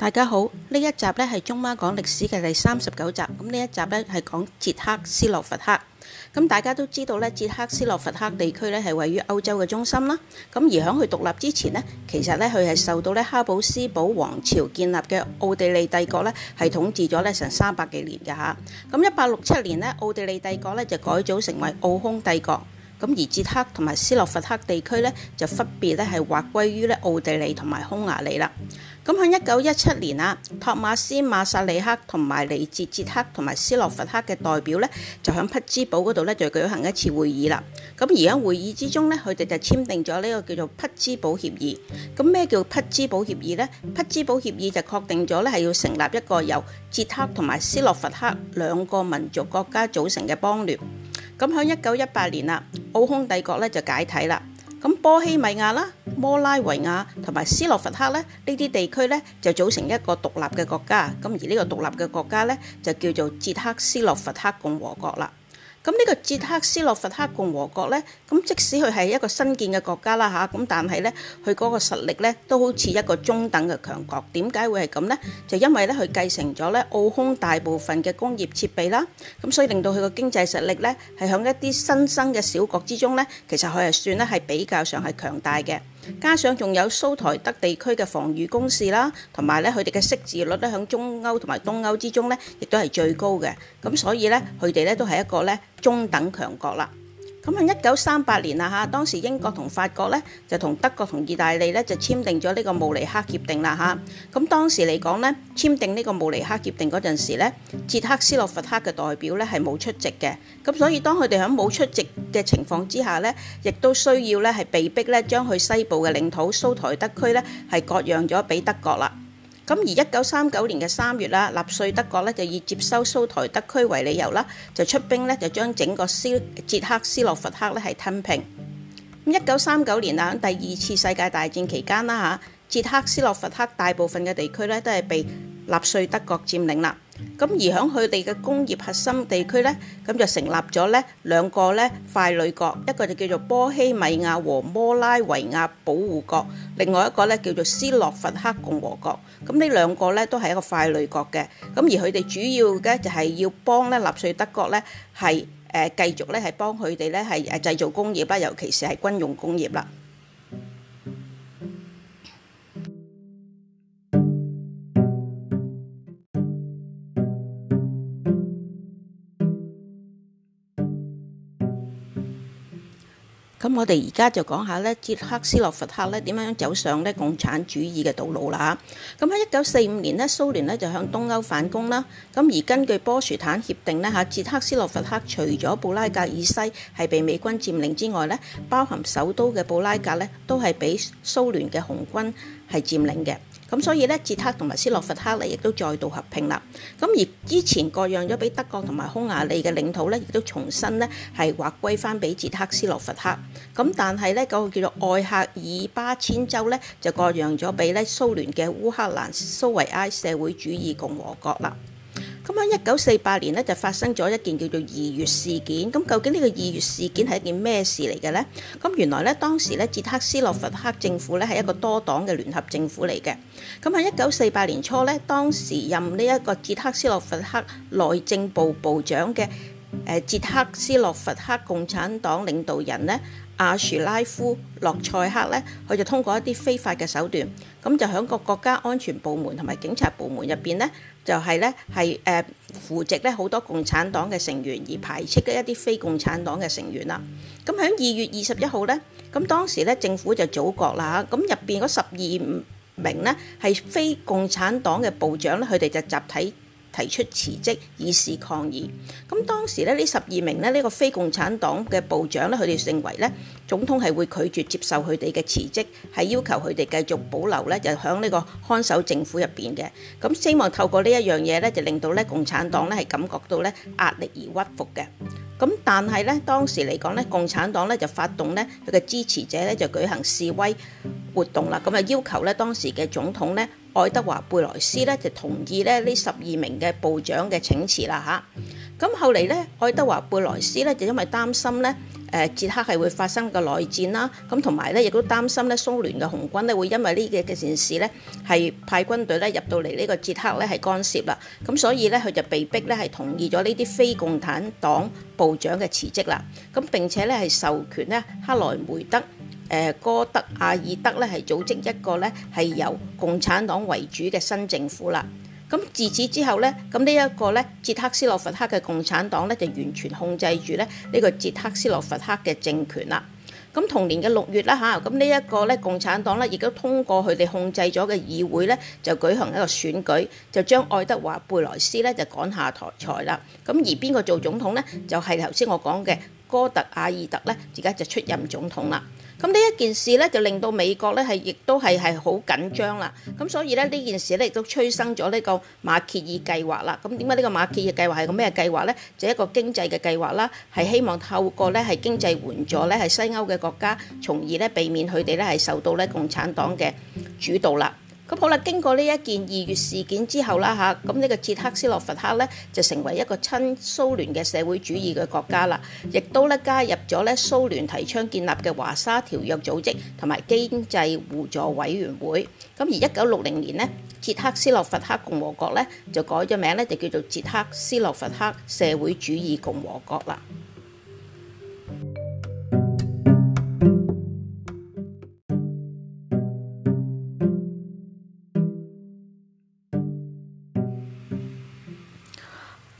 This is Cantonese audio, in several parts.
大家好，呢一集咧係中媽講歷史嘅第三十九集。咁呢一集咧係講捷克斯洛伐克。咁大家都知道咧，捷克斯洛伐克地區咧係位於歐洲嘅中心啦。咁而喺佢獨立之前呢，其實咧佢係受到咧哈布斯堡王朝建立嘅奧地利帝國咧係統治咗咧成三百幾年嘅吓。咁一八六七年呢，奧地利帝國咧就改組成為奧匈帝國。咁而捷克同埋斯洛伐克地區咧就分別咧係劃歸於咧奧地利同埋匈牙利啦。咁喺一九一七年啊，托馬斯馬薩里克同埋嚟自捷克同埋斯洛伐克嘅代表咧，就喺匹茲堡嗰度咧，就舉行一次會議啦。咁而喺會議之中咧，佢哋就簽訂咗呢個叫做匹茲堡協議。咁咩叫匹茲堡協議呢？匹茲堡協議就確定咗咧，係要成立一個由捷克同埋斯洛伐克兩個民族國家組成嘅邦聯。咁喺一九一八年啊，奧匈帝國咧就解體啦。咁波希米亞啦、摩拉維亞同埋斯洛伐克呢啲地區呢，就組成一個獨立嘅國家，咁而呢個獨立嘅國家呢，就叫做捷克斯洛伐克共和國啦。咁呢個捷克斯洛伐克共和國呢，咁即使佢係一個新建嘅國家啦吓，咁但係呢，佢嗰個實力呢都好似一個中等嘅強國。點解會係咁呢？就因為呢，佢繼承咗呢奧匈大部分嘅工業設備啦，咁所以令到佢個經濟實力呢係喺一啲新生嘅小國之中呢，其實佢係算呢係比較上係強大嘅。加上仲有蘇台德地區嘅防禦工事啦，同埋咧佢哋嘅識字率咧，喺中歐同埋東歐之中咧，亦都係最高嘅。咁所以咧，佢哋咧都係一個咧中等強國啦。咁喺一九三八年啦吓，當時英國同法國咧就同德國同意大利咧就簽訂咗呢個慕尼黑協定啦吓。咁當時嚟講咧，簽訂呢個慕尼黑協定嗰陣時咧，捷克斯洛伐克嘅代表咧係冇出席嘅。咁所以當佢哋響冇出席嘅情況之下咧，亦都需要咧係被逼咧將佢西部嘅領土蘇台德區咧係割讓咗俾德國啦。咁而一九三九年嘅三月啦，納粹德國咧就以接收蘇台德區為理由啦，就出兵咧就將整個捷克斯洛伐克咧係吞併。一九三九年啊，喺第二次世界大戰期間啦嚇，捷克斯洛伐克大部分嘅地區咧都係被納粹德國佔領啦。咁而喺佢哋嘅工業核心地區咧，咁就成立咗咧兩個咧傀儡國，一個就叫做波希米亞和摩拉維亞保護國，另外一個咧叫做斯洛伐克共和國。咁呢兩個咧都係一個傀儡國嘅。咁而佢哋主要嘅就係要幫咧納粹德國咧係誒繼續咧係幫佢哋咧係誒製造工業啦，尤其是係軍用工業啦。咁我哋而家就講下咧，捷克斯洛伐克咧點樣走上咧共產主義嘅道路啦。咁喺一九四五年咧，蘇聯咧就向東歐反攻啦。咁而根據波茨坦協定咧嚇，捷克斯洛伐克除咗布拉格以西係被美軍佔領之外咧，包含首都嘅布拉格咧，都係俾蘇聯嘅紅軍係佔領嘅。咁所以咧，捷克同埋斯洛伐克咧亦都再度合併啦。咁而之前割讓咗俾德國同埋匈牙利嘅領土咧，亦都重新咧係劃歸翻俾捷克斯洛伐克。咁但係咧，嗰、那個叫做愛克爾巴千州咧，就割讓咗俾咧蘇聯嘅烏克蘭蘇維埃社會主義共和國啦。咁喺一九四八年呢，就發生咗一件叫做二月事件。咁究竟呢個二月事件係一件咩事嚟嘅呢？咁原來呢，當時呢，捷克斯洛伐克政府呢係一個多黨嘅聯合政府嚟嘅。咁喺一九四八年初呢，當時任呢一個捷克斯洛伐克內政部部長嘅誒、呃、捷克斯洛伐克共產黨領導人呢，阿樹拉夫洛塞克呢，佢就通過一啲非法嘅手段，咁就喺個國家安全部門同埋警察部門入邊呢。就係咧，係誒扶植咧好多共產黨嘅成員，而排斥嘅一啲非共產黨嘅成員啦。咁喺二月二十一號咧，咁當時咧政府就組閣啦嚇，咁入邊嗰十二名呢，係非共產黨嘅部長咧，佢哋就集體提出辭職以示抗議。咁當時呢，呢十二名呢，呢個非共產黨嘅部長呢，佢哋認為呢總統係會拒絕接受佢哋嘅辭職，係要求佢哋繼續保留呢就喺呢個看守政府入邊嘅。咁希望透過呢一樣嘢呢，就令到呢共產黨呢係感覺到呢壓力而屈服嘅。咁但係呢，當時嚟講呢，共產黨呢就發動呢，佢嘅支持者呢就舉行示威活動啦。咁啊要求呢當時嘅總統呢。愛德華貝萊斯咧就同意咧呢十二名嘅部長嘅請辭啦嚇，咁、啊、後嚟咧愛德華貝萊斯咧就因為擔心咧誒、呃、捷克係會發生個內戰啦，咁同埋咧亦都擔心咧蘇聯嘅紅軍咧會因為呢嘅件事咧係派軍隊咧入到嚟呢個捷克咧係干涉啦，咁、啊、所以咧佢就被逼咧係同意咗呢啲非共產黨部長嘅辭職啦，咁、啊、並且咧係授權咧克萊梅德。誒哥、呃、德瓦爾德咧係組織一個咧係由共產黨為主嘅新政府啦。咁自此之後咧，咁呢一個咧捷克斯洛伐克嘅共產黨咧就完全控制住咧呢、呢個捷克斯洛伐克嘅政權啦。咁同年嘅六月啦嚇，咁、啊、呢一個咧共產黨咧亦都通過佢哋控制咗嘅議會咧就舉行一個選舉，就將愛德華貝萊斯咧就趕下台裁啦。咁而邊個做總統咧？就係頭先我講嘅哥德瓦爾德咧，而家就出任總統啦。咁呢一件事咧，就令到美國咧係亦都係係好緊張啦。咁所以咧呢件事咧亦都催生咗呢個馬歇爾計劃啦。咁點解呢個馬歇爾計劃係個咩計劃咧？就係一個經濟嘅計劃啦，係希望透過咧係經濟援助咧係西歐嘅國家，從而咧避免佢哋咧係受到咧共產黨嘅主導啦。咁好啦，經過呢一件二月事件之後啦，嚇咁呢個捷克斯洛伐克咧就成為一個親蘇聯嘅社會主義嘅國家啦，亦都咧加入咗咧蘇聯提倡建立嘅華沙條約組織同埋經濟互助委員會。咁而一九六零年呢，捷克斯洛伐克共和國咧就改咗名咧，就叫做捷克斯洛伐克社會主義共和國啦。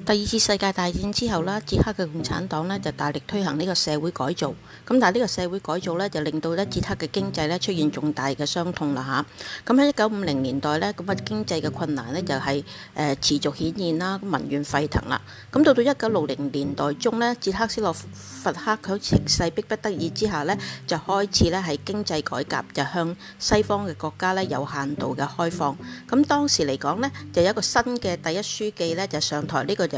第二次世界大戰之後啦，捷克嘅共產黨咧就大力推行呢個社會改造。咁但係呢個社會改造咧就令到咧捷克嘅經濟咧出現重大嘅傷痛啦嚇。咁喺一九五零年代呢，咁嘅經濟嘅困難咧就係誒持續顯現啦，民怨沸騰啦。咁到到一九六零年代中呢，捷克斯洛伐克喺情勢逼不得已之下呢就開始咧係經濟改革，就向西方嘅國家咧有限度嘅開放。咁當時嚟講呢，就有一個新嘅第一書記呢就上台，呢個就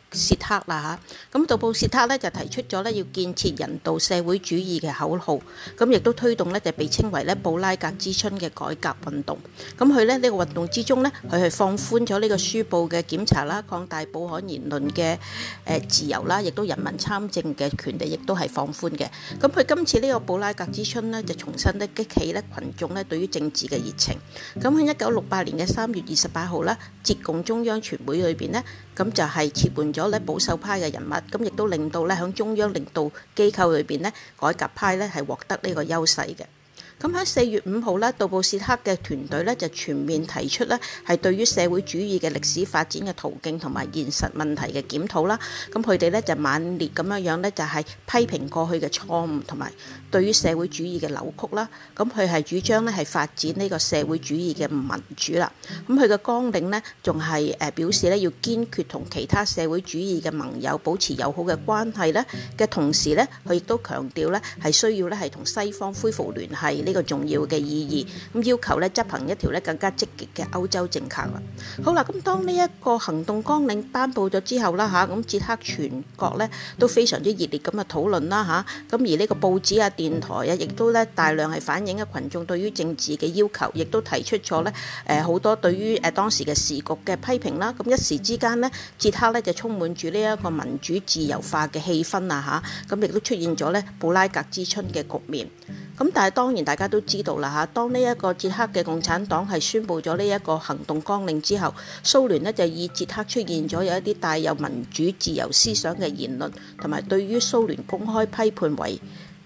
切克啦吓，咁杜布切克咧就提出咗咧要建設人道社會主義嘅口號，咁亦都推動咧就被稱為咧布拉格之春嘅改革運動，咁佢咧呢個運動之中咧，佢係放寬咗呢個書報嘅檢查啦，擴大報刊言論嘅誒自由啦，亦都人民參政嘅權利亦都係放寬嘅。咁佢今次呢個布拉格之春呢就重新咧激起咧群眾咧對於政治嘅熱情。咁喺一九六八年嘅三月二十八號啦，捷共中央全會裏邊呢，咁就係撤換咗保守派嘅人物，咁亦都令到咧響中央領導機構裏邊咧改革派咧係獲得呢個優勢嘅。咁喺四月五號咧，杜布切克嘅團隊咧就全面提出咧，係對於社會主義嘅歷史發展嘅途徑同埋現實問題嘅檢討啦。咁佢哋咧就猛烈咁樣樣咧，就係批評過去嘅錯誤同埋對於社會主義嘅扭曲啦。咁佢係主張咧係發展呢個社會主義嘅民主啦。咁佢嘅綱領咧仲係誒表示咧要堅決同其他社會主義嘅盟友保持友好嘅關係咧嘅同時咧，佢亦都強調咧係需要咧係同西方恢復聯繫。呢個重要嘅意義咁要求咧執行一條咧更加積極嘅歐洲政策啦。好啦，咁當呢一個行動綱領頒布咗之後啦嚇，咁捷克全國咧都非常之熱烈咁嘅討論啦嚇。咁而呢個報紙啊、電台啊，亦都咧大量係反映咗，群眾對於政治嘅要求，亦都提出咗咧誒好多對於誒當時嘅時局嘅批評啦。咁一時之間咧，捷克咧就充滿住呢一個民主自由化嘅氣氛啊嚇。咁亦都出現咗咧布拉格之春嘅局面。咁但係當然大家。大家都知道啦嚇，當呢一個捷克嘅共產黨係宣布咗呢一個行動綱領之後，蘇聯呢就以捷克出現咗有一啲帶有民主自由思想嘅言論，同埋對於蘇聯公開批判為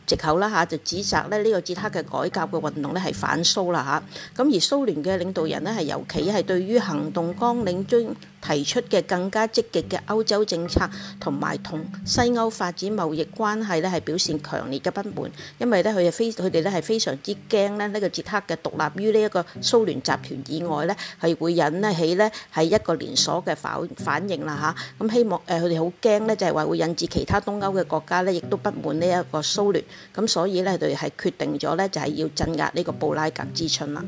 藉口啦嚇，就指責咧呢個捷克嘅改革嘅運動咧係反蘇啦嚇。咁而蘇聯嘅領導人呢，係尤其係對於行動綱領將提出嘅更加積極嘅歐洲政策同埋同西歐發展貿易關係咧，係表現強烈嘅不滿，因為咧佢係非佢哋咧係非常之驚咧呢、呢個捷克嘅獨立於呢一個蘇聯集團以外咧係會引起咧係一個連鎖嘅反反應啦吓，咁、啊、希望誒佢哋好驚咧就係、係、話會引致其他東歐嘅國家咧亦都不滿呢一個蘇聯，咁、啊、所以咧佢哋係決定咗咧就係、係、要鎮壓呢個布拉格之春啦。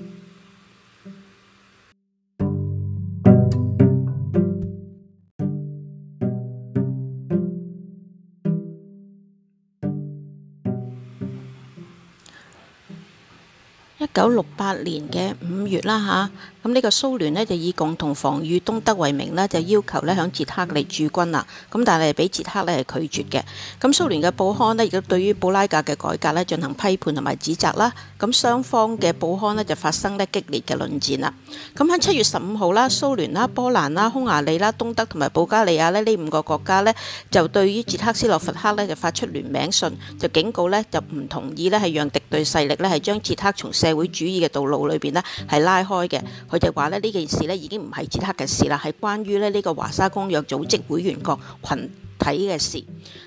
一九六八年嘅五月啦，吓、啊。咁呢個蘇聯呢，就以共同防禦東德為名呢就要求呢響捷克嚟駐軍啦。咁但係俾捷克呢係拒絕嘅。咁蘇聯嘅報刊呢，亦都對於布拉格嘅改革呢進行批判同埋指責啦。咁雙方嘅報刊呢，就發生呢激烈嘅論戰啦。咁喺七月十五號啦，蘇聯啦、波蘭啦、匈牙利啦、東德同埋保加利亞呢呢五個國家呢，就對於捷克斯洛伐克呢就發出聯名信，就警告呢就唔同意呢係讓敵對勢力呢係將捷克從社會主義嘅道路裏邊呢係拉開嘅。佢就話咧，呢件事咧已經唔係捷克嘅事啦，係關於咧呢個華沙公約組織會員國群睇嘅事，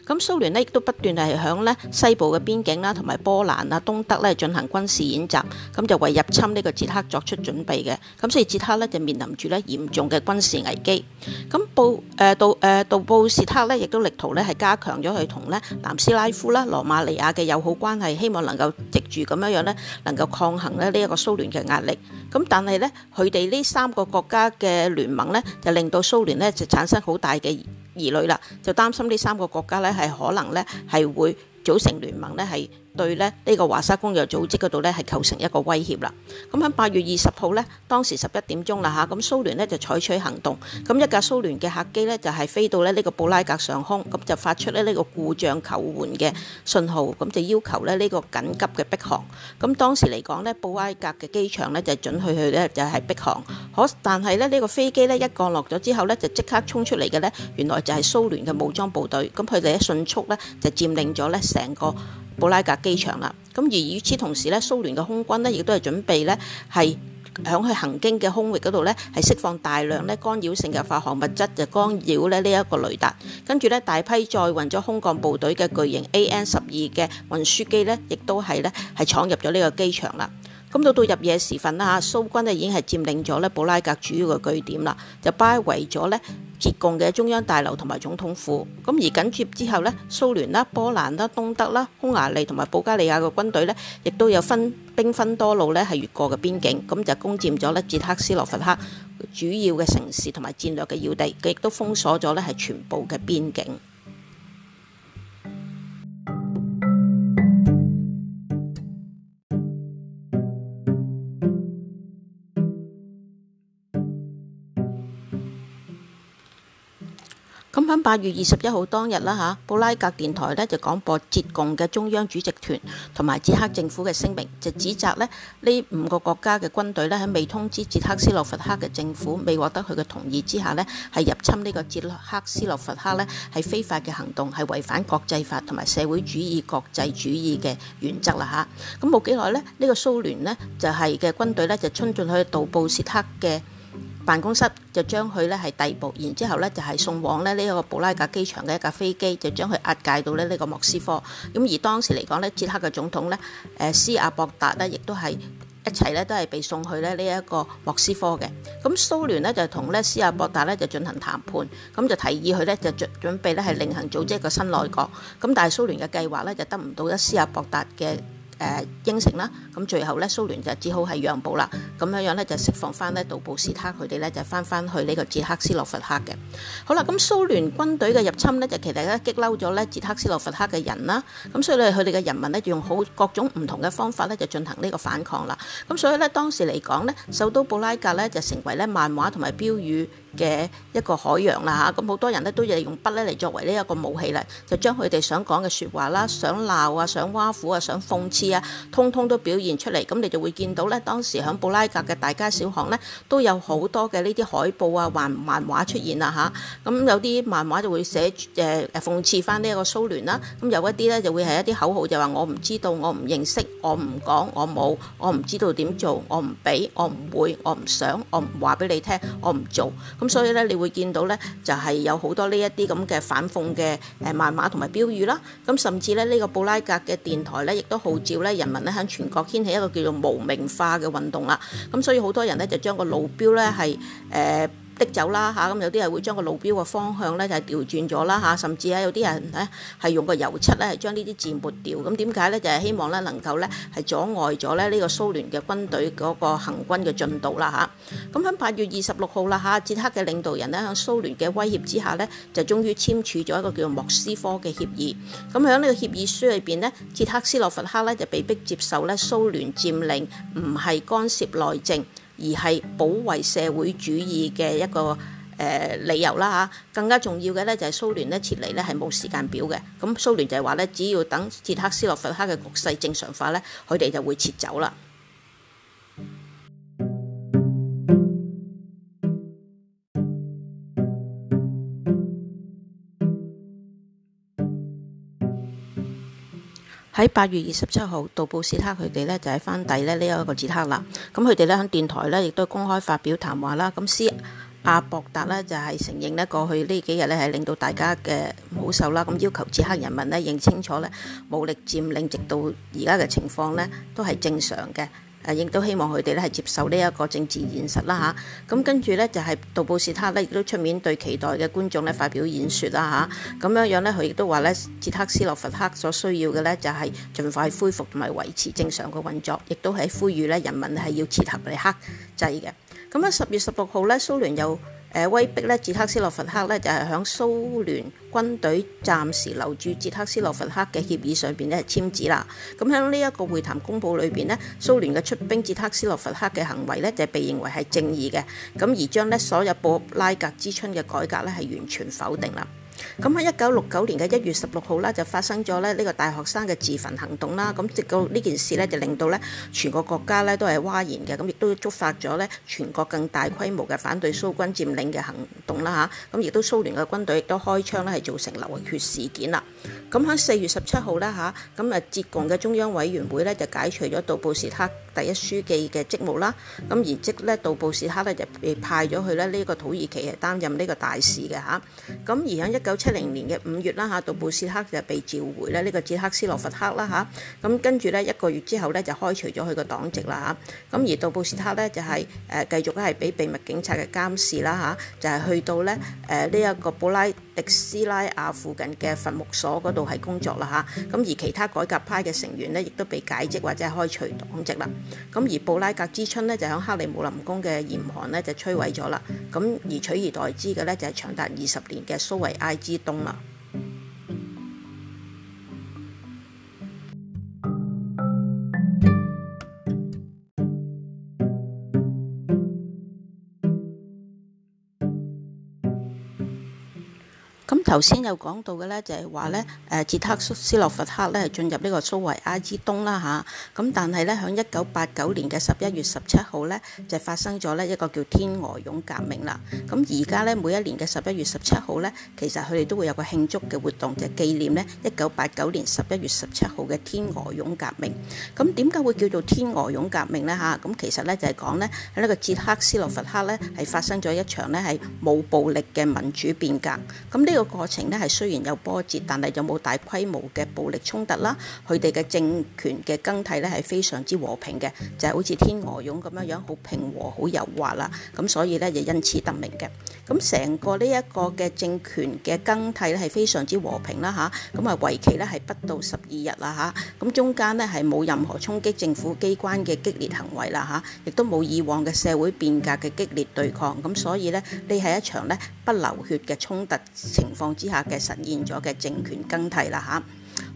咁蘇聯呢亦都不斷係喺呢西部嘅邊境啦，同埋波蘭啊、東德咧進行軍事演習，咁就為入侵呢個捷克作出準備嘅，咁所以捷克呢就面臨住呢嚴重嘅軍事危機。咁布誒杜誒杜布斯克呢亦都力圖呢係加強咗佢同呢南斯拉夫啦、羅馬尼亞嘅友好關係，希望能夠藉住咁樣樣呢能夠抗衡咧呢一個蘇聯嘅壓力。咁但係呢，佢哋呢三個國家嘅聯盟呢，就令到蘇聯呢就產生好大嘅。兒女啦，就擔心呢三個國家咧，係可能咧係會組成聯盟咧，係。對咧，呢個華沙公約組織嗰度呢，係構成一個威脅啦。咁喺八月二十號呢，當時十一點鐘啦吓，咁蘇聯呢就採取行動，咁一架蘇聯嘅客機呢，就係飛到咧呢個布拉格上空，咁就發出咧呢個故障求援嘅信號，咁就要求咧呢個緊急嘅迫航。咁當時嚟講呢，布拉格嘅機場呢，就準許去呢，就係迫航，可但係呢，呢個飛機呢，一降落咗之後呢，就即刻衝出嚟嘅呢，原來就係蘇聯嘅武裝部隊，咁佢哋一迅速呢，就佔領咗呢成個。布拉格機場啦，咁而與此同時咧，蘇聯嘅空軍咧亦都係準備咧，係喺佢行經嘅空域嗰度咧，係釋放大量咧干擾性嘅化學物質，就干擾咧呢一個雷達。跟住咧，大批載運咗空降部隊嘅巨型 AN 十二嘅運輸機咧，亦都係咧係闖入咗呢個機場啦。咁到到入夜時分啦嚇，蘇軍咧已經係佔領咗咧布拉格主要嘅據點啦，就包圍咗咧捷共嘅中央大樓同埋總統府。咁而緊接之後咧，蘇聯啦、波蘭啦、東德啦、匈牙利同埋保加利亞嘅軍隊咧，亦都有分兵分多路咧，係越過嘅邊境，咁就攻佔咗咧捷克斯洛伐克主要嘅城市同埋戰略嘅要地，亦都封鎖咗咧係全部嘅邊境。喺八月二十一號當日啦嚇，布拉格電台咧就廣播捷共嘅中央主席團同埋捷克政府嘅聲明，就指責咧呢五個國家嘅軍隊咧喺未通知捷克斯洛伐克嘅政府、未獲得佢嘅同意之下咧，係入侵呢個捷克斯洛伐克咧係非法嘅行動，係違反國際法同埋社會主義國際主義嘅原則啦嚇。咁冇幾耐咧，呢、這個蘇聯咧就係嘅軍隊咧就衝進去杜布切克嘅。辦公室就將佢咧係逮捕，然之後咧就係送往咧呢一個布拉格機場嘅一架飛機，就將佢押解到咧呢個莫斯科。咁而當時嚟講咧，捷克嘅總統咧，誒、呃、斯亞博達咧，亦都係一齊咧都係被送去咧呢一個莫斯科嘅。咁蘇聯咧就同咧斯亞博達咧就進行談判，咁就提議佢咧就準準備咧係另行組織一個新內閣。咁但係蘇聯嘅計劃咧就得唔到一斯亞博達嘅。誒、呃、應承啦，咁最後咧蘇聯就只好係讓步啦，咁樣樣咧就釋放翻呢杜布斯卡佢哋咧就翻翻去呢個捷克斯洛伐克嘅。好啦，咁、嗯、蘇聯軍隊嘅入侵呢，就其實咧激嬲咗咧捷克斯洛伐克嘅人啦，咁、嗯、所以咧佢哋嘅人民咧用好各種唔同嘅方法咧就進行呢個反抗啦。咁、嗯、所以咧當時嚟講呢，首都布拉格咧就成為咧漫畫同埋標語嘅一個海洋啦嚇，咁、嗯、好多人呢，都用用筆咧嚟作為呢一個武器嚟，就將佢哋想講嘅説話啦，想鬧啊，想挖苦啊，想諷刺。通通都表現出嚟，咁你就會見到咧。當時喺布拉格嘅大街小巷咧，都有好多嘅呢啲海報啊、還漫畫出現啦、啊、吓，咁有啲漫畫就會寫誒誒諷刺翻呢一個蘇聯啦。咁有一啲咧就會係一啲口號就，就話我唔知道，我唔認識，我唔講，我冇，我唔知道點做，我唔俾，我唔會，我唔想，我唔話俾你聽，我唔做。咁所以咧，你會見到咧，就係、是、有好多呢一啲咁嘅反諷嘅誒漫畫同埋標語啦、啊。咁甚至咧呢、這個布拉格嘅電台咧，亦都號召。人民咧喺全國掀起一個叫做無名化嘅運動啦，咁所以好多人咧就將個路標咧係。誒。呃的走啦嚇，咁有啲人會將個路標嘅方向咧就係調轉咗啦嚇，甚至係有啲人咧係用個油漆咧係將呢啲字抹掉。咁點解咧？就係希望咧能夠咧係阻礙咗咧呢個蘇聯嘅軍隊嗰個行軍嘅進度啦嚇。咁喺八月二十六號啦嚇，捷克嘅領導人呢，喺蘇聯嘅威脅之下呢，就終於簽署咗一個叫莫斯科嘅協議。咁喺呢個協議書裏邊呢，捷克斯洛伐克咧就被逼接受咧蘇聯佔領，唔係干涉內政。而係保衛社會主義嘅一個誒、呃、理由啦嚇，更加重要嘅咧就係蘇聯咧撤離咧係冇時間表嘅，咁、嗯、蘇聯就係話咧，只要等捷克斯洛伐克嘅局勢正常化咧，佢哋就會撤走啦。喺八月二十七號，杜布斯克佢哋咧就係翻底咧呢一、這個捷克啦。咁佢哋咧喺電台咧亦都公開發表談話啦。咁斯阿博達咧就係、是、承認呢過去幾呢幾日咧係令到大家嘅唔好受啦。咁、啊、要求捷克人民咧認清楚咧武力佔領直到而家嘅情況咧都係正常嘅。亦、啊、都希望佢哋咧係接受呢一個政治現實啦嚇，咁、啊、跟住咧就係、是、杜布斯他咧亦都出面對期待嘅觀眾咧發表演說啦嚇，咁、啊、樣樣咧佢亦都話咧捷克斯洛伐克所需要嘅咧就係、是、盡快恢復同埋維持正常嘅運作，亦都係呼籲咧人民係要切合嚟克制嘅。咁咧十月十六號咧蘇聯又。誒威逼咧，捷克斯洛伐克咧就係喺蘇聯軍隊暫時留住捷克斯洛伐克嘅協議上邊咧簽字啦。咁喺呢一個會談公報裏邊咧，蘇聯嘅出兵捷克斯洛伐克嘅行為咧就被認為係正義嘅。咁而將咧所有布拉格之春嘅改革咧係完全否定啦。咁喺一九六九年嘅一月十六號呢，就發生咗咧呢個大學生嘅自焚行動啦。咁直到呢件事呢，就令到呢全個國家呢都係譁然嘅。咁亦都觸發咗呢全國更大規模嘅反對蘇軍佔領嘅行動啦吓，咁、啊、亦都蘇聯嘅軍隊亦都開槍咧，係造成流血事件啦。咁喺四月十七號啦吓，咁啊捷共嘅中央委員會呢，就解除咗杜布什克第一書記嘅職務啦。咁、啊、而即呢，杜布什克呢，就被派咗去咧呢個土耳其係擔任呢個大使嘅吓，咁、啊、而喺一九七零年嘅五月啦吓，杜布斯克就被召回咧呢個捷克斯洛伐克啦吓。咁跟住咧，一個月之後咧就開除咗佢個黨籍啦吓，咁而杜布斯克咧就係呃、繼續係俾秘密警察嘅監視啦吓、啊、就係去到咧誒呢一個布拉。斯拉亞附近嘅伐木所嗰度係工作啦嚇，咁而其他改革派嘅成員呢，亦都被解職或者係開除黨籍啦。咁而布拉格之春呢，就喺克里姆林宮嘅嚴寒呢，就摧毀咗啦。咁而取而代之嘅呢，就係、是、長達二十年嘅蘇維埃之冬啦。頭先有講到嘅呢，就係話呢，誒捷克斯洛伐克咧係進入呢個蘇維埃之冬啦嚇。咁但係呢，響一九八九年嘅十一月十七號呢，就發生咗呢一個叫天鵝絨革命啦。咁而家呢，每一年嘅十一月十七號呢，其實佢哋都會有個慶祝嘅活動，就係紀念呢一九八九年十一月十七號嘅天鵝絨革命。咁點解會叫做天鵝絨革命呢嚇？咁其實呢，就係講呢，喺呢個捷克斯洛伐克呢，係發生咗一場呢係冇暴力嘅民主變革。咁呢個。過程呢係雖然有波折，但係有冇大規模嘅暴力衝突啦。佢哋嘅政權嘅更替呢係非常之和平嘅，就係、是、好似天鵝絨咁樣樣，好平和，好柔滑啦。咁所以呢，就因此得名嘅。咁成個呢一個嘅政權嘅更替呢係非常之和平啦吓，咁啊為期呢係不到十二日啊吓，咁中間呢係冇任何衝擊政府機關嘅激烈行為啦吓，亦都冇以往嘅社會變革嘅激烈對抗。咁所以呢，呢係一場呢不流血嘅衝突情況，之下嘅實現咗嘅政權更替啦嚇，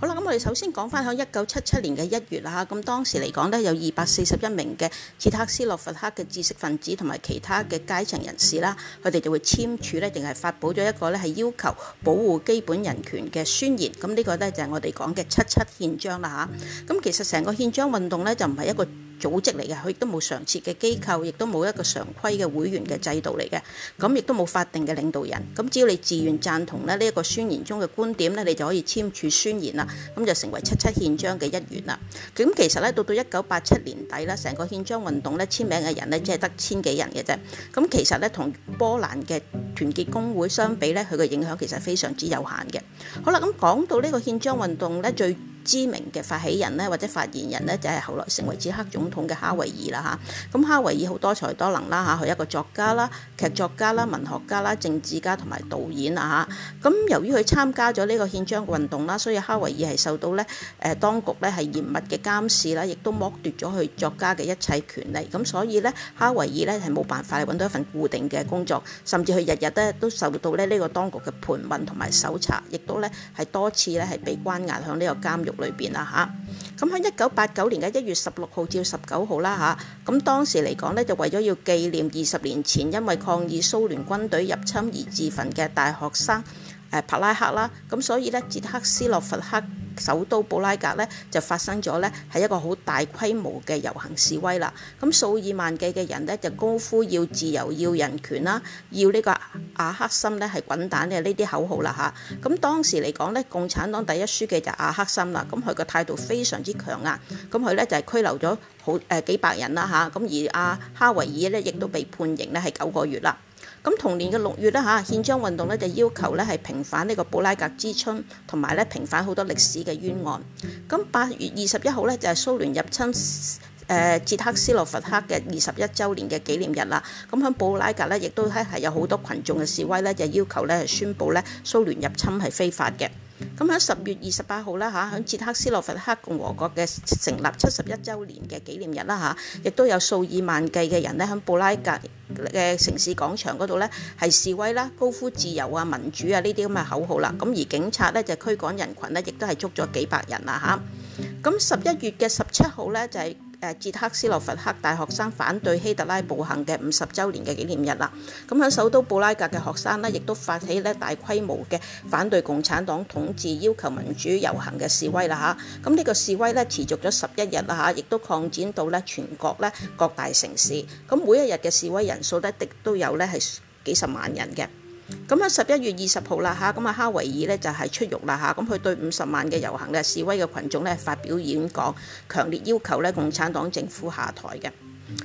好啦，咁我哋首先講返喺一九七七年嘅一月啦，咁當時嚟講呢，有二百四十一名嘅捷克斯洛伐克嘅知識分子同埋其他嘅階層人士啦，佢哋就會簽署呢定係發佈咗一個呢係要求保護基本人權嘅宣言，咁呢個呢，就係我哋講嘅七七憲章啦嚇，咁其實成個憲章運動呢，就唔係一個組織嚟嘅，佢亦都冇常設嘅機構，亦都冇一個常規嘅會員嘅制度嚟嘅，咁亦都冇法定嘅領導人。咁只要你自願贊同咧呢一個宣言中嘅觀點咧，你就可以簽署宣言啦，咁就成為七七憲章嘅一員啦。咁其實咧，到到一九八七年底咧，成個憲章運動咧簽名嘅人咧，只係得千幾人嘅啫。咁其實咧，同波蘭嘅團結工會相比咧，佢嘅影響其實非常之有限嘅。好啦，咁講到呢個憲章運動咧，最知名嘅發起人咧，或者發言人咧，就係、是、後來成為捷克總統嘅哈維爾啦嚇。咁哈維爾好多才多能啦嚇，佢一個作家啦、劇作家啦、文學家啦、政治家同埋導演啊嚇。咁由於佢參加咗呢個憲章運動啦，所以哈維爾係受到呢誒、呃、當局呢係嚴密嘅監視啦，亦都剝奪咗佢作家嘅一切權利。咁所以呢，哈維爾呢係冇辦法揾到一份固定嘅工作，甚至佢日日咧都受到咧呢個當局嘅盤問同埋搜查，亦都呢係多次呢係被關押向呢個監獄。裏邊啦吓，咁喺一九八九年嘅一月十六號至十九號啦吓，咁、啊嗯、當時嚟講呢，就為咗要紀念二十年前因為抗議蘇聯軍隊入侵而自焚嘅大學生。誒帕拉克啦，咁所以咧捷克斯洛伐克首都布拉格咧就發生咗咧係一個好大規模嘅遊行示威啦，咁數以萬計嘅人咧就高呼要自由、要人權啦，要呢個阿克森咧係滾蛋嘅呢啲口號啦吓，咁、啊嗯、當時嚟講咧，共產黨第一書記就阿克森啦，咁佢個態度非常之強硬、啊，咁佢咧就係、是、拘留咗好誒、呃、幾百人啦吓，咁、啊、而阿哈維爾咧亦都被判刑咧係九個月啦。咁同年嘅六月咧吓，憲章運動咧就要求咧係平反呢個布拉格之春，同埋咧平反好多歷史嘅冤案。咁八月二十一號咧就係、是、蘇聯入侵誒、呃、捷克斯洛伐克嘅二十一週年嘅紀念日啦。咁響布拉格咧，亦都係係有好多群眾嘅示威咧，就是、要求咧係宣布咧蘇聯入侵係非法嘅。咁喺十月二十八號啦嚇，喺捷克斯洛伐克共和國嘅成立七十一週年嘅紀念日啦嚇，亦都有數以萬計嘅人咧喺布拉格嘅城市廣場嗰度咧係示威啦，高呼自由啊、民主啊呢啲咁嘅口號啦。咁而警察咧就驅、是、趕人群咧，亦都係捉咗幾百人啦嚇。咁十一月嘅十七號咧就係、是。捷克斯洛伐克大學生反對希特拉暴行嘅五十週年嘅紀念日啦，咁喺首都布拉格嘅學生呢，亦都發起呢大規模嘅反對共產黨統治、要求民主遊行嘅示威啦嚇。咁呢個示威咧持續咗十一日啦嚇，亦都擴展到咧全國咧各大城市。咁每一日嘅示威人數咧的都有咧係幾十萬人嘅。咁喺十一月二十號啦嚇，咁啊哈維爾咧就係出獄啦嚇，咁佢對五十萬嘅遊行嘅示威嘅群眾咧發表演講，強烈要求咧共產黨政府下台嘅。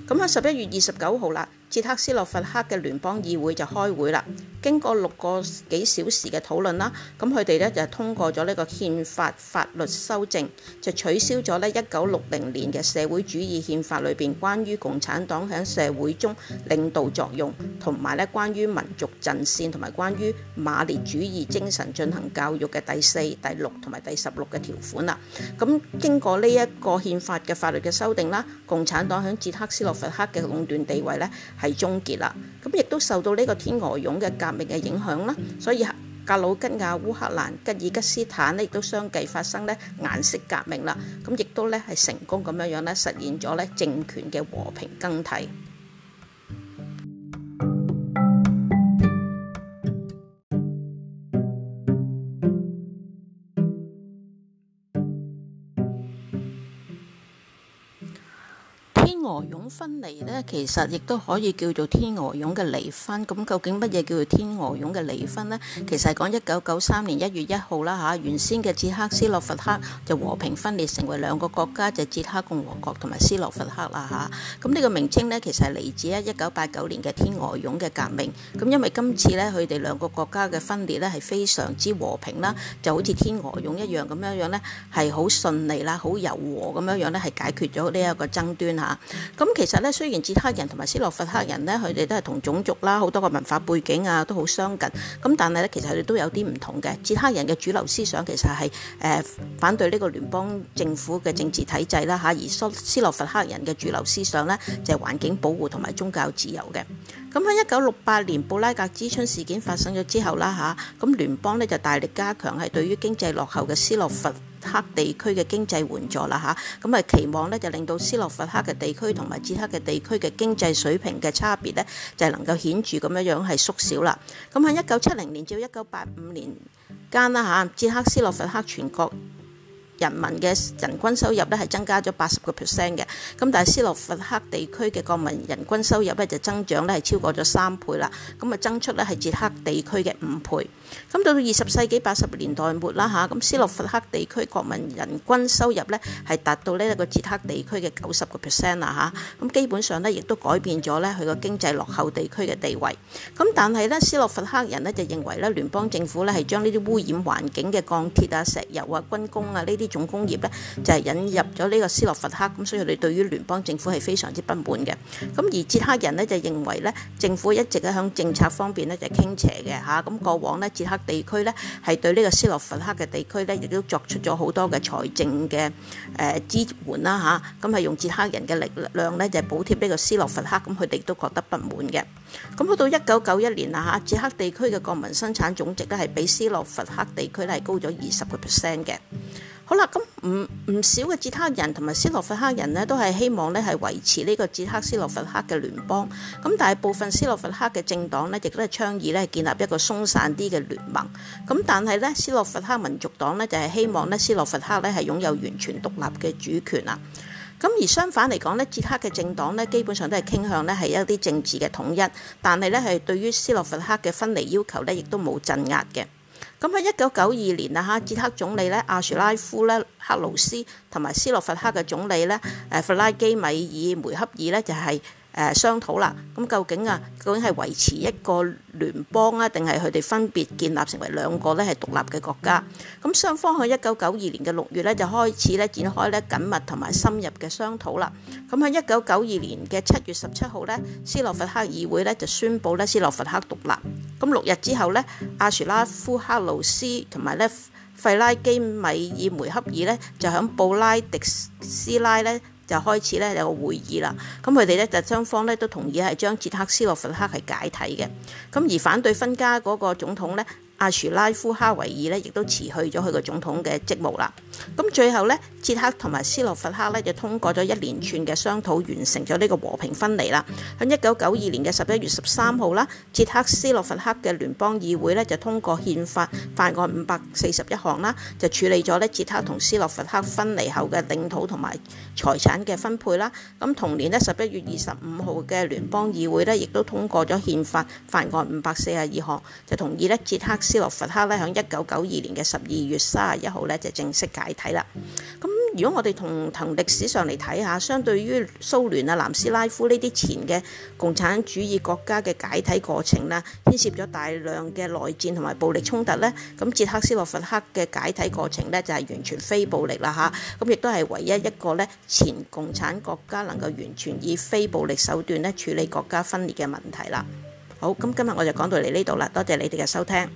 咁喺十一月二十九號啦。捷克斯洛伐克嘅聯邦議會就開會啦，經過六個幾小時嘅討論啦，咁佢哋咧就通過咗呢個憲法法律修正，就取消咗咧一九六零年嘅社會主義憲法裏邊關於共產黨喺社會中領導作用，同埋咧關於民族陣線同埋關於馬列主義精神進行教育嘅第四、第六同埋第十六嘅條款啦。咁經過呢一個憲法嘅法律嘅修訂啦，共產黨喺捷克斯洛伐克嘅壟斷地位咧，係終結啦，咁亦都受到呢個天鵝絨嘅革命嘅影響啦，所以格魯吉亞、烏克蘭、吉爾吉斯坦呢，亦都相繼發生呢顏色革命啦，咁亦都咧係成功咁樣樣咧實現咗咧政權嘅和平更替。分離呢，其實亦都可以叫做天鵝絨嘅離婚。咁究竟乜嘢叫做天鵝絨嘅離婚呢？其實係講一九九三年一月一號啦，嚇，原先嘅捷克斯洛伐克就和平分裂成為兩個國家，就是、捷克共和國同埋斯洛伐克啦，嚇、嗯。咁、這、呢個名稱呢，其實係嚟自一九八九年嘅天鵝絨嘅革命。咁、嗯、因為今次呢，佢哋兩個國家嘅分裂呢，係非常之和平啦，就好似天鵝絨一樣咁樣樣呢，係好順利啦，好柔和咁樣樣呢，係解決咗呢一個爭端嚇。咁、嗯其實咧，雖然捷克人同埋斯洛伐克人呢，佢哋都係同種族啦，好多個文化背景啊，都好相近。咁但係咧，其實佢哋都有啲唔同嘅。捷克人嘅主流思想其實係誒、呃、反對呢個聯邦政府嘅政治體制啦，嚇。而斯洛伐克人嘅主流思想呢，就係、是、環境保護同埋宗教自由嘅。咁喺一九六八年布拉格之春事件發生咗之後啦，嚇、啊，咁聯邦呢就大力加強係對於經濟落後嘅斯洛伐。黑地區嘅經濟援助啦嚇，咁啊、嗯、期望呢就令到斯洛伐克嘅地區同埋捷克嘅地區嘅經濟水平嘅差別呢，就係能夠顯著咁樣樣係縮小啦。咁喺一九七零年至一九八五年間啦嚇，捷克斯洛伐克全國人民嘅人均收入呢係增加咗八十個 percent 嘅，咁、嗯、但係斯洛伐克地區嘅國民人均收入呢，就增長呢係超過咗三倍啦，咁、嗯、啊增出呢，係捷克地區嘅五倍。咁到到二十世紀八十年代末啦嚇，咁斯洛伐克地區國民人均收入咧係達到呢個捷克地區嘅九十個 percent 啊嚇，咁基本上咧亦都改變咗咧佢個經濟落後地區嘅地位。咁但係咧斯洛伐克人呢就認為咧聯邦政府咧係將呢啲污染環境嘅鋼鐵啊、石油啊、軍工啊呢啲重工業咧就係引入咗呢個斯洛伐克，咁所以佢哋對於聯邦政府係非常之不滿嘅。咁而捷克人呢，就認為咧政府一直喺向政策方面咧就傾斜嘅嚇，咁過往咧。捷克地區咧，係對呢個斯洛伐克嘅地區咧，亦都作出咗好多嘅財政嘅誒、呃、支援啦吓，咁、啊、係、嗯、用捷克人嘅力量咧，就係、補貼呢個斯洛伐克，咁佢哋都覺得不滿嘅。咁、嗯、去到一九九一年啦嚇、啊，捷克地區嘅國民生產總值咧，係比斯洛伐克地區咧係高咗二十個 percent 嘅。好啦，咁唔唔少嘅捷克人同埋斯洛伐克人呢，都係希望呢係維持呢個捷克斯洛伐克嘅聯邦。咁但係部分斯洛伐克嘅政黨呢，亦都係倡議呢建立一個鬆散啲嘅聯盟。咁但係呢，斯洛伐克民族黨呢，就係、是、希望呢斯洛伐克呢係擁有完全獨立嘅主權啊。咁而相反嚟講呢，捷克嘅政黨呢，基本上都係傾向呢係一啲政治嘅統一，但係呢係對於斯洛伐克嘅分離要求呢，亦都冇鎮壓嘅。咁喺一九九二年啊，哈捷克總理咧阿什拉夫咧克勞斯，同埋斯洛伐克嘅總理咧誒弗拉基米爾梅恰爾咧就係、是。誒商討啦，咁究竟啊，究竟係維持一個聯邦啊，定係佢哋分別建立成為兩個呢，係獨立嘅國家？咁雙方喺一九九二年嘅六月呢，就開始呢，展開呢緊密同埋深入嘅商討啦。咁喺一九九二年嘅七月十七號呢，斯洛伐克議會呢，就宣布呢斯洛伐克獨立。咁六日之後呢，阿述拉夫克魯斯同埋呢費拉基米爾梅恰爾呢，就喺布拉迪斯拉呢。就開始咧有個會議啦，咁佢哋咧就雙方咧都同意係將捷克斯洛伐克係解體嘅，咁而反對分家嗰個總統咧。阿舒拉夫哈維爾呢亦都辭去咗佢個總統嘅職務啦。咁最後呢，捷克同埋斯洛伐克呢就通過咗一連串嘅商討，完成咗呢個和平分離啦。響一九九二年嘅十一月十三號啦，捷克斯洛伐克嘅聯邦議會呢就通過憲法法案五百四十一項啦，就處理咗呢捷克同斯洛伐克分離後嘅領土同埋財產嘅分配啦。咁同年呢十一月二十五號嘅聯邦議會呢，亦都通過咗憲法法案五百四十二項，就同意呢捷克斯洛伐克咧，喺一九九二年嘅十二月卅一號咧，就正式解體啦。咁如果我哋同同歷史上嚟睇下，相對於蘇聯啊、南斯拉夫呢啲前嘅共產主義國家嘅解體過程啦，牽涉咗大量嘅內戰同埋暴力衝突咧，咁捷克斯洛伐克嘅解體過程咧就係完全非暴力啦嚇。咁亦都係唯一一個咧前共產國家能夠完全以非暴力手段咧處理國家分裂嘅問題啦。好，咁今日我就講到嚟呢度啦，多謝你哋嘅收聽。